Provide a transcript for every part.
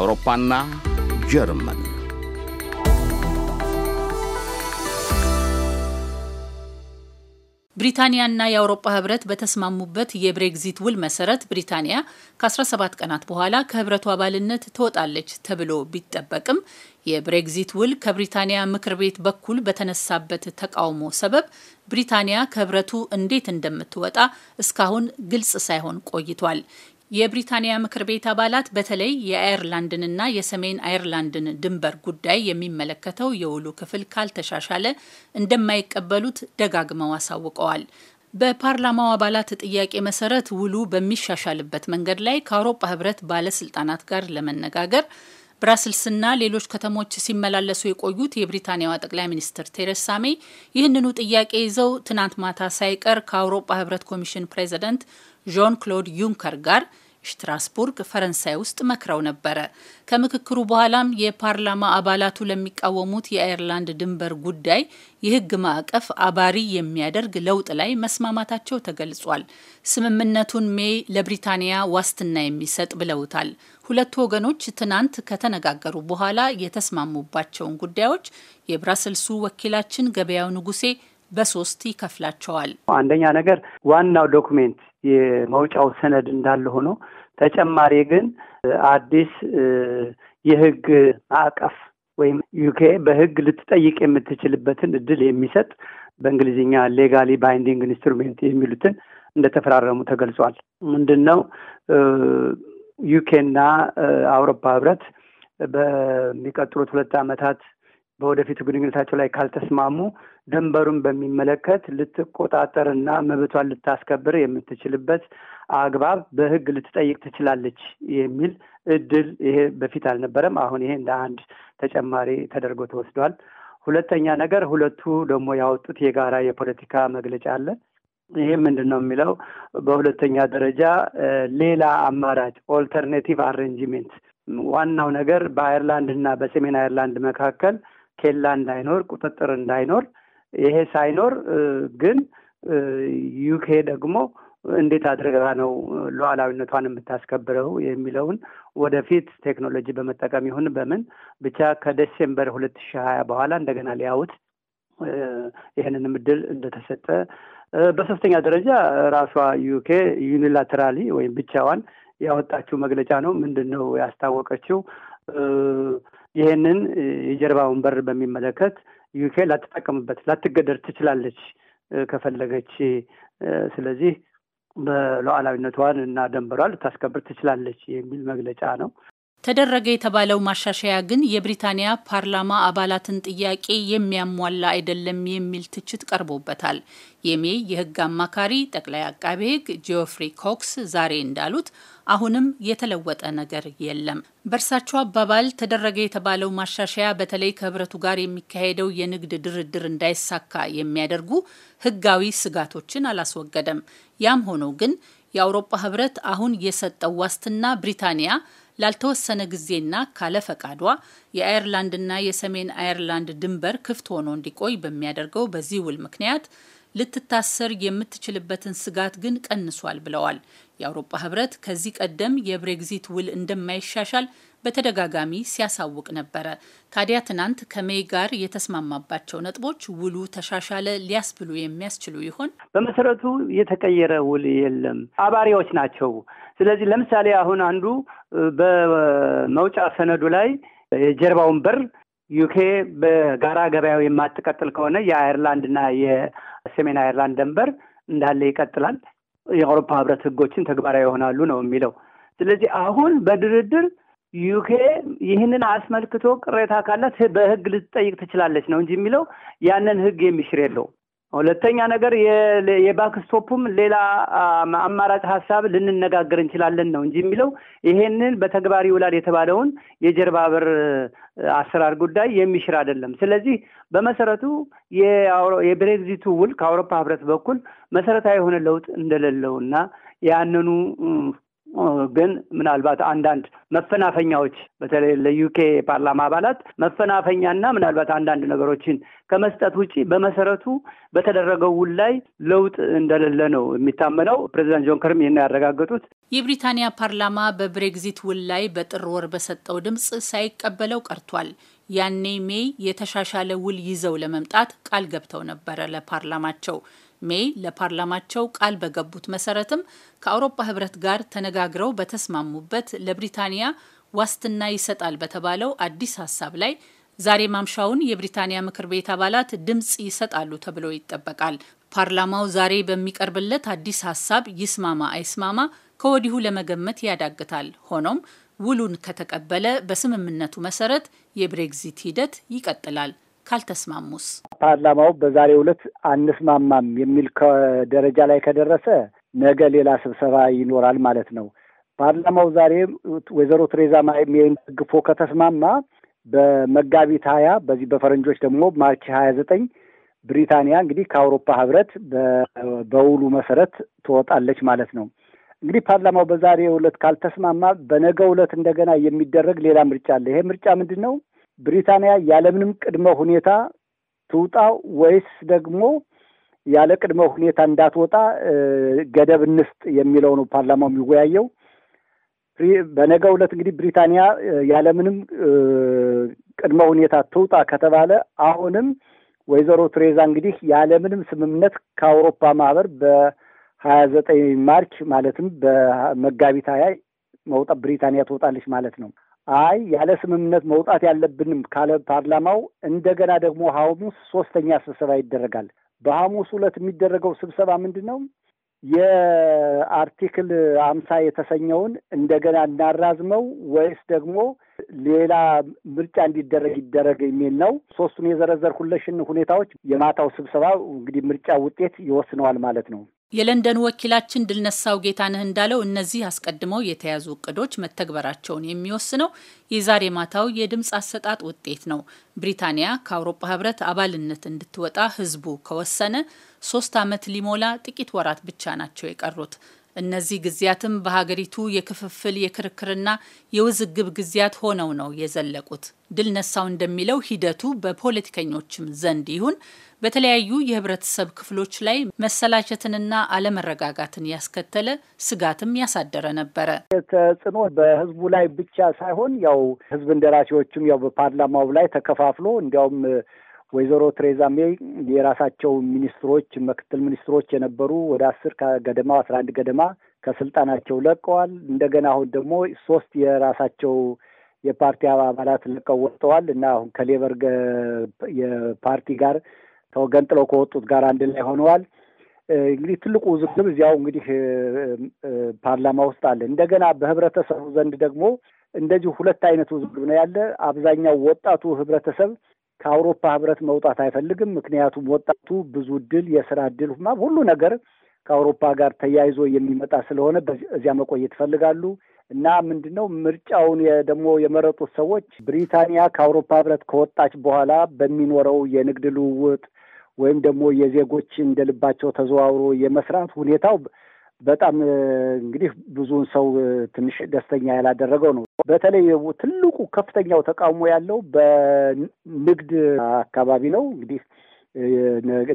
አውሮፓና ጀርመን ብሪታንያና የአውሮፓ ህብረት በተስማሙበት የብሬግዚት ውል መሰረት ብሪታንያ ከ17 ቀናት በኋላ ከህብረቱ አባልነት ትወጣለች ተብሎ ቢጠበቅም የብሬግዚት ውል ከብሪታንያ ምክር ቤት በኩል በተነሳበት ተቃውሞ ሰበብ ብሪታንያ ከህብረቱ እንዴት እንደምትወጣ እስካሁን ግልጽ ሳይሆን ቆይቷል። የብሪታንያ ምክር ቤት አባላት በተለይ የአየርላንድንና የሰሜን አየርላንድን ድንበር ጉዳይ የሚመለከተው የውሉ ክፍል ካልተሻሻለ እንደማይቀበሉት ደጋግመው አሳውቀዋል። በፓርላማው አባላት ጥያቄ መሰረት ውሉ በሚሻሻልበት መንገድ ላይ ከአውሮፓ ሕብረት ባለስልጣናት ጋር ለመነጋገር ብራስልስና ሌሎች ከተሞች ሲመላለሱ የቆዩት የብሪታንያዋ ጠቅላይ ሚኒስትር ቴሬሳ ሜይ ይህንኑ ጥያቄ ይዘው ትናንት ማታ ሳይቀር ከአውሮፓ ሕብረት ኮሚሽን ፕሬዚደንት ዦን ክሎድ ዩንከር ጋር ሽትራስቡርግ ፈረንሳይ ውስጥ መክረው ነበረ። ከምክክሩ በኋላም የፓርላማ አባላቱ ለሚቃወሙት የአይርላንድ ድንበር ጉዳይ የሕግ ማዕቀፍ አባሪ የሚያደርግ ለውጥ ላይ መስማማታቸው ተገልጿል። ስምምነቱን ሜይ ለብሪታንያ ዋስትና የሚሰጥ ብለውታል። ሁለቱ ወገኖች ትናንት ከተነጋገሩ በኋላ የተስማሙባቸውን ጉዳዮች የብራሰልሱ ወኪላችን ገበያው ንጉሴ በሶስት ይከፍላቸዋል። አንደኛ ነገር ዋናው ዶክሜንት የመውጫው ሰነድ እንዳለ ሆኖ ተጨማሪ ግን አዲስ የህግ ማዕቀፍ ወይም ዩኬ በህግ ልትጠይቅ የምትችልበትን እድል የሚሰጥ በእንግሊዝኛ ሌጋሊ ባይንዲንግ ኢንስትሩሜንት የሚሉትን እንደተፈራረሙ ተገልጿል። ምንድን ነው ና አውሮፓ ህብረት በሚቀጥሉት ሁለት ዓመታት በወደፊቱ ግንኙነታቸው ላይ ካልተስማሙ ድንበሩን በሚመለከት ልትቆጣጠርና መብቷን ልታስከብር የምትችልበት አግባብ በሕግ ልትጠይቅ ትችላለች የሚል እድል ይሄ በፊት አልነበረም። አሁን ይሄ እንደ አንድ ተጨማሪ ተደርጎ ተወስዷል። ሁለተኛ ነገር ሁለቱ ደግሞ ያወጡት የጋራ የፖለቲካ መግለጫ አለ። ይሄ ምንድን ነው የሚለው? በሁለተኛ ደረጃ ሌላ አማራጭ ኦልተርኔቲቭ አሬንጅሜንት ዋናው ነገር በአይርላንድ እና በሰሜን አይርላንድ መካከል ኬላ እንዳይኖር፣ ቁጥጥር እንዳይኖር ይሄ ሳይኖር ግን ዩኬ ደግሞ እንዴት አድርጋ ነው ሉዓላዊነቷን የምታስከብረው የሚለውን ወደፊት ቴክኖሎጂ በመጠቀም ይሁን በምን ብቻ ከደሴምበር ሁለት ሺህ ሀያ በኋላ እንደገና ሊያውት ይህንንም ምድል እንደተሰጠ በሶስተኛ ደረጃ ራሷ ዩኬ ዩኒላትራሊ ወይም ብቻዋን ያወጣችው መግለጫ ነው። ምንድን ነው ያስታወቀችው? ይህንን የጀርባውን በር በሚመለከት ዩኬ ላትጠቀምበት ላትገደር ትችላለች ከፈለገች። ስለዚህ በሉዓላዊነቷን እና ደንበሯን ልታስከብር ትችላለች የሚል መግለጫ ነው። ተደረገ የተባለው ማሻሻያ ግን የብሪታንያ ፓርላማ አባላትን ጥያቄ የሚያሟላ አይደለም የሚል ትችት ቀርቦበታል። የሜይ የሕግ አማካሪ ጠቅላይ አቃቤ ሕግ ጂኦፍሪ ኮክስ ዛሬ እንዳሉት አሁንም የተለወጠ ነገር የለም። በእርሳቸው አባባል ተደረገ የተባለው ማሻሻያ በተለይ ከህብረቱ ጋር የሚካሄደው የንግድ ድርድር እንዳይሳካ የሚያደርጉ ህጋዊ ስጋቶችን አላስወገደም። ያም ሆኖ ግን የአውሮፓ ህብረት አሁን የሰጠው ዋስትና ብሪታንያ ላልተወሰነ ጊዜና ካለ ፈቃዷ የአየርላንድና የሰሜን አየርላንድ ድንበር ክፍት ሆኖ እንዲቆይ በሚያደርገው በዚህ ውል ምክንያት ልትታሰር የምትችልበትን ስጋት ግን ቀንሷል ብለዋል። የአውሮፓ ህብረት ከዚህ ቀደም የብሬግዚት ውል እንደማይሻሻል በተደጋጋሚ ሲያሳውቅ ነበረ። ታዲያ ትናንት ከሜይ ጋር የተስማማባቸው ነጥቦች ውሉ ተሻሻለ ሊያስብሉ የሚያስችሉ ይሆን? በመሰረቱ የተቀየረ ውል የለም፣ አባሪዎች ናቸው። ስለዚህ ለምሳሌ አሁን አንዱ በመውጫ ሰነዱ ላይ የጀርባውን በር ዩኬ በጋራ ገበያው የማትቀጥል ከሆነ የአየርላንድና ሰሜን አይርላንድ ደንበር እንዳለ ይቀጥላል። የአውሮፓ ህብረት ህጎችን ተግባራዊ ይሆናሉ ነው የሚለው። ስለዚህ አሁን በድርድር ዩኬ ይህንን አስመልክቶ ቅሬታ ካላት በህግ ልትጠይቅ ትችላለች ነው እንጂ የሚለው ያንን ህግ የሚሽር የለውም። ሁለተኛ ነገር የባክስቶፑም ሌላ አማራጭ ሀሳብ ልንነጋገር እንችላለን ነው እንጂ የሚለው ይሄንን በተግባር ይውላል የተባለውን የጀርባ በር አሰራር ጉዳይ የሚሽር አይደለም። ስለዚህ በመሰረቱ የብሬግዚቱ ውል ከአውሮፓ ህብረት በኩል መሰረታዊ የሆነ ለውጥ እንደሌለው እና ያንኑ ግን ምናልባት አንዳንድ መፈናፈኛዎች በተለይ ለዩኬ ፓርላማ አባላት መፈናፈኛና ምናልባት አንዳንድ ነገሮችን ከመስጠት ውጪ በመሰረቱ በተደረገው ውል ላይ ለውጥ እንደሌለ ነው የሚታመነው። ፕሬዚዳንት ጆን ከርም ይህን ያረጋገጡት። የብሪታንያ ፓርላማ በብሬግዚት ውል ላይ በጥር ወር በሰጠው ድምፅ ሳይቀበለው ቀርቷል። ያኔ ሜይ የተሻሻለ ውል ይዘው ለመምጣት ቃል ገብተው ነበረ ለፓርላማቸው ሜይ ለፓርላማቸው ቃል በገቡት መሰረትም ከአውሮፓ ህብረት ጋር ተነጋግረው በተስማሙበት ለብሪታንያ ዋስትና ይሰጣል በተባለው አዲስ ሀሳብ ላይ ዛሬ ማምሻውን የብሪታንያ ምክር ቤት አባላት ድምፅ ይሰጣሉ ተብሎ ይጠበቃል። ፓርላማው ዛሬ በሚቀርብለት አዲስ ሀሳብ ይስማማ አይስማማ ከወዲሁ ለመገመት ያዳግታል። ሆኖም ውሉን ከተቀበለ በስምምነቱ መሰረት የብሬግዚት ሂደት ይቀጥላል። ካልተስማሙስ? ፓርላማው በዛሬው ዕለት አንስማማም የሚል ደረጃ ላይ ከደረሰ ነገ ሌላ ስብሰባ ይኖራል ማለት ነው። ፓርላማው ዛሬ ወይዘሮ ቴሬዛ ማይ ደግፎ ከተስማማ በመጋቢት ሀያ በዚህ በፈረንጆች ደግሞ ማርች ሀያ ዘጠኝ ብሪታንያ እንግዲህ ከአውሮፓ ህብረት በውሉ መሰረት ትወጣለች ማለት ነው። እንግዲህ ፓርላማው በዛሬው ዕለት ካልተስማማ በነገው ዕለት እንደገና የሚደረግ ሌላ ምርጫ አለ። ይሄ ምርጫ ምንድን ነው? ብሪታንያ ያለምንም ቅድመ ሁኔታ ትውጣ ወይስ ደግሞ ያለ ቅድመ ሁኔታ እንዳትወጣ ገደብ እንስጥ የሚለው ነው ፓርላማው የሚወያየው። በነገ ዕለት እንግዲህ ብሪታንያ ያለምንም ቅድመ ሁኔታ ትውጣ ከተባለ አሁንም ወይዘሮ ቴሬዛ እንግዲህ ያለምንም ስምምነት ከአውሮፓ ማህበር በሀያ ዘጠኝ ማርች ማለትም በመጋቢት ሀያ መውጣት ብሪታንያ ትወጣለች ማለት ነው። አይ ያለ ስምምነት መውጣት ያለብንም ካለ ፓርላማው እንደገና ደግሞ ሐሙስ ሶስተኛ ስብሰባ ይደረጋል። በሐሙስ ዕለት የሚደረገው ስብሰባ ምንድን ነው? የአርቲክል አምሳ የተሰኘውን እንደገና እናራዝመው ወይስ ደግሞ ሌላ ምርጫ እንዲደረግ ይደረግ የሚል ነው። ሶስቱን የዘረዘርኩልሽን ሁኔታዎች የማታው ስብሰባ እንግዲህ ምርጫ ውጤት ይወስነዋል ማለት ነው። የለንደን ወኪላችን ድልነሳው ጌታነህ እንዳለው እነዚህ አስቀድመው የተያዙ እቅዶች መተግበራቸውን የሚወስነው የዛሬ ማታው የድምፅ አሰጣጥ ውጤት ነው። ብሪታንያ ከአውሮፓ ህብረት አባልነት እንድትወጣ ህዝቡ ከወሰነ ሶስት ዓመት ሊሞላ ጥቂት ወራት ብቻ ናቸው የቀሩት። እነዚህ ጊዜያትም በሀገሪቱ የክፍፍል የክርክርና የውዝግብ ጊዜያት ሆነው ነው የዘለቁት። ድል ነሳው እንደሚለው ሂደቱ በፖለቲከኞችም ዘንድ ይሁን በተለያዩ የህብረተሰብ ክፍሎች ላይ መሰላቸትንና አለመረጋጋትን ያስከተለ ስጋትም ያሳደረ ነበረ። ተጽዕኖ በህዝቡ ላይ ብቻ ሳይሆን ያው ህዝብ እንደራሴዎችም ያው በፓርላማው ላይ ተከፋፍሎ እንዲያውም ወይዘሮ ቴሬዛ ሜይ የራሳቸው ሚኒስትሮች ምክትል ሚኒስትሮች የነበሩ ወደ አስር ገደማ አስራ አንድ ገደማ ከስልጣናቸው ለቀዋል። እንደገና አሁን ደግሞ ሶስት የራሳቸው የፓርቲ አባላት ለቀው ወጥተዋል እና አሁን ከሌበር የፓርቲ ጋር ተገንጥለው ከወጡት ጋር አንድ ላይ ሆነዋል። እንግዲህ ትልቁ ውዝግብ እዚያው እንግዲህ ፓርላማ ውስጥ አለ። እንደገና በህብረተሰቡ ዘንድ ደግሞ እንደዚሁ ሁለት አይነት ውዝግብ ነው ያለ። አብዛኛው ወጣቱ ህብረተሰብ ከአውሮፓ ህብረት መውጣት አይፈልግም። ምክንያቱም ወጣቱ ብዙ እድል፣ የስራ እድል፣ ሁሉ ነገር ከአውሮፓ ጋር ተያይዞ የሚመጣ ስለሆነ እዚያ መቆየት ይፈልጋሉ እና ምንድን ነው ምርጫውን ደግሞ የመረጡት ሰዎች ብሪታንያ ከአውሮፓ ህብረት ከወጣች በኋላ በሚኖረው የንግድ ልውውጥ ወይም ደግሞ የዜጎች እንደልባቸው ተዘዋውሮ የመስራት ሁኔታው በጣም እንግዲህ ብዙውን ሰው ትንሽ ደስተኛ ያላደረገው ነው። በተለይ ትልቁ ከፍተኛው ተቃውሞ ያለው በንግድ አካባቢ ነው። እንግዲህ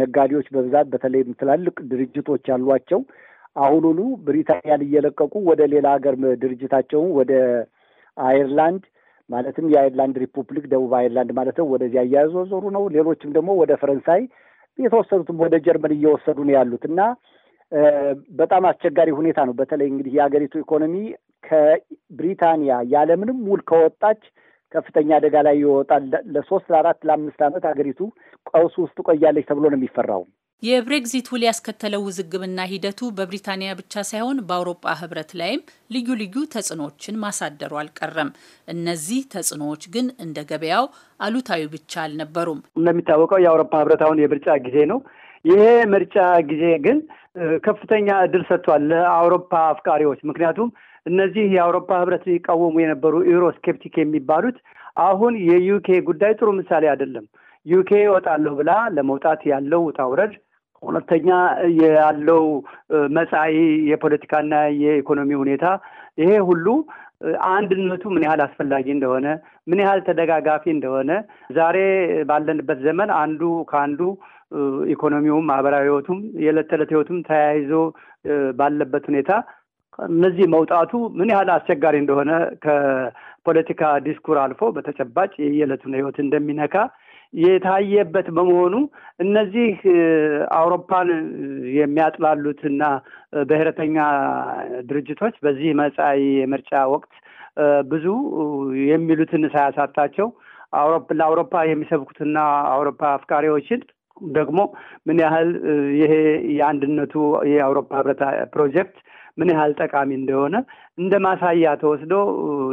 ነጋዴዎች በብዛት በተለይም ትላልቅ ድርጅቶች ያሏቸው አሁኑኑ ብሪታንያን እየለቀቁ ወደ ሌላ ሀገር ድርጅታቸውን ወደ አይርላንድ ማለትም የአይርላንድ ሪፑብሊክ ደቡብ አይርላንድ ማለት ነው። ወደዚያ እያዞሩ ነው። ሌሎችም ደግሞ ወደ ፈረንሳይ የተወሰኑትም ወደ ጀርመን እየወሰዱ ነው ያሉት እና በጣም አስቸጋሪ ሁኔታ ነው። በተለይ እንግዲህ የሀገሪቱ ኢኮኖሚ ከብሪታንያ ያለምንም ውል ከወጣች ከፍተኛ አደጋ ላይ ይወጣል። ለሶስት ለአራት ለአምስት ዓመት ሀገሪቱ ቀውስ ውስጥ ቆያለች ተብሎ ነው የሚፈራው። የብሬግዚት ውል ውዝግብና ሂደቱ በብሪታንያ ብቻ ሳይሆን በአውሮጳ ህብረት ላይም ልዩ ልዩ ተጽዕኖዎችን ማሳደሩ አልቀረም። እነዚህ ተጽዕኖዎች ግን እንደ ገበያው አሉታዊ ብቻ አልነበሩም። እንደሚታወቀው የአውሮፓ ህብረት አሁን የምርጫ ጊዜ ነው። ይሄ ምርጫ ጊዜ ግን ከፍተኛ እድል ሰጥቷል ለአውሮፓ አፍቃሪዎች። ምክንያቱም እነዚህ የአውሮፓ ህብረት ይቃወሙ የነበሩ ዩሮስኬፕቲክ የሚባሉት አሁን የዩኬ ጉዳይ ጥሩ ምሳሌ አይደለም። ዩኬ እወጣለሁ ብላ ለመውጣት ያለው ውጣ ውረድ ሁለተኛ ያለው መጻኢ የፖለቲካና የኢኮኖሚ ሁኔታ ይሄ ሁሉ አንድነቱ ምን ያህል አስፈላጊ እንደሆነ ምን ያህል ተደጋጋፊ እንደሆነ ዛሬ ባለንበት ዘመን አንዱ ከአንዱ ኢኮኖሚውም ማህበራዊ ህይወቱም የዕለት ተዕለት ህይወቱም ተያይዞ ባለበት ሁኔታ እነዚህ መውጣቱ ምን ያህል አስቸጋሪ እንደሆነ ከፖለቲካ ዲስኩር አልፎ በተጨባጭ የየዕለቱን ህይወት እንደሚነካ የታየበት በመሆኑ እነዚህ አውሮፓን የሚያጥላሉትና ብሔረተኛ ድርጅቶች በዚህ መጻኢ የምርጫ ወቅት ብዙ የሚሉትን ሳያሳታቸው ለአውሮፓ የሚሰብኩትና አውሮፓ አፍቃሪዎችን ደግሞ ምን ያህል ይሄ የአንድነቱ የአውሮፓ ህብረት ፕሮጀክት ምን ያህል ጠቃሚ እንደሆነ እንደ ማሳያ ተወስዶ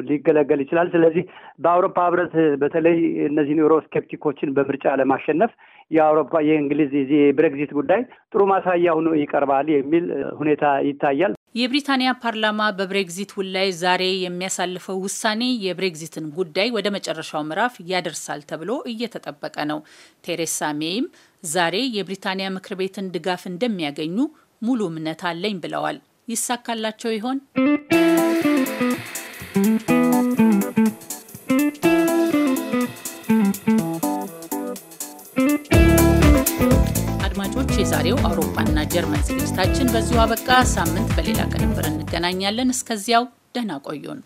ሊገለገል ይችላል። ስለዚህ በአውሮፓ ህብረት በተለይ እነዚህ ኒውሮ ስኬፕቲኮችን በምርጫ ለማሸነፍ የአውሮፓ የእንግሊዝ የዚህ የብሬግዚት ጉዳይ ጥሩ ማሳያ ሆኖ ይቀርባል የሚል ሁኔታ ይታያል። የብሪታንያ ፓርላማ በብሬግዚት ውላይ ዛሬ የሚያሳልፈው ውሳኔ የብሬግዚትን ጉዳይ ወደ መጨረሻው ምዕራፍ ያደርሳል ተብሎ እየተጠበቀ ነው። ቴሬሳ ሜይም ዛሬ የብሪታንያ ምክር ቤትን ድጋፍ እንደሚያገኙ ሙሉ እምነት አለኝ ብለዋል። ይሳካላቸው ይሆን? የጀርመን ዝግጅታችን በዚሁ አበቃ። ሳምንት በሌላ ቅንብር እንገናኛለን። እስከዚያው ደህና ቆዩን።